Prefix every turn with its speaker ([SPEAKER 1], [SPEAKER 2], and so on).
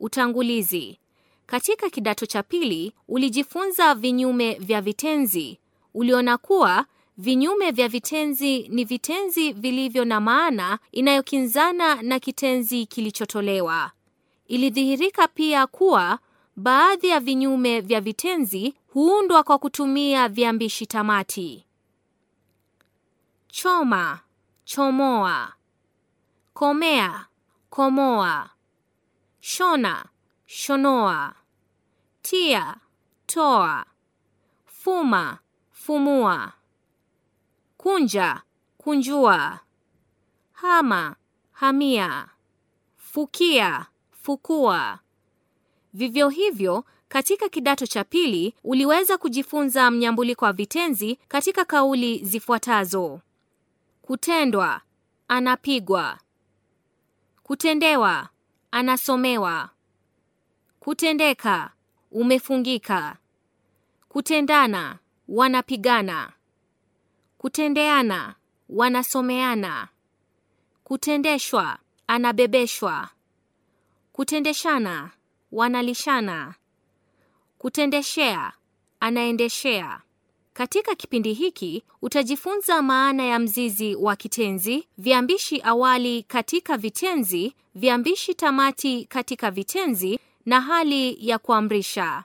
[SPEAKER 1] Utangulizi. Katika kidato cha pili ulijifunza vinyume vya vitenzi. Uliona kuwa vinyume vya vitenzi ni vitenzi vilivyo na maana inayokinzana na kitenzi kilichotolewa. Ilidhihirika pia kuwa baadhi ya vinyume vya vitenzi huundwa kwa kutumia viambishi tamati. Choma, chomoa. Komea, komoa. Shona, shonoa. Tia, toa. Fuma, fumua. Kunja, kunjua. Hama, hamia. Fukia, fukua. Vivyo hivyo, katika kidato cha pili uliweza kujifunza mnyambuliko wa vitenzi katika kauli zifuatazo: kutendwa, anapigwa, kutendewa anasomewa. Kutendeka, umefungika. Kutendana, wanapigana. Kutendeana, wanasomeana. Kutendeshwa, anabebeshwa. Kutendeshana, wanalishana. Kutendeshea, anaendeshea. Katika kipindi hiki utajifunza maana ya mzizi wa kitenzi, viambishi awali katika vitenzi, viambishi tamati katika vitenzi na hali ya kuamrisha.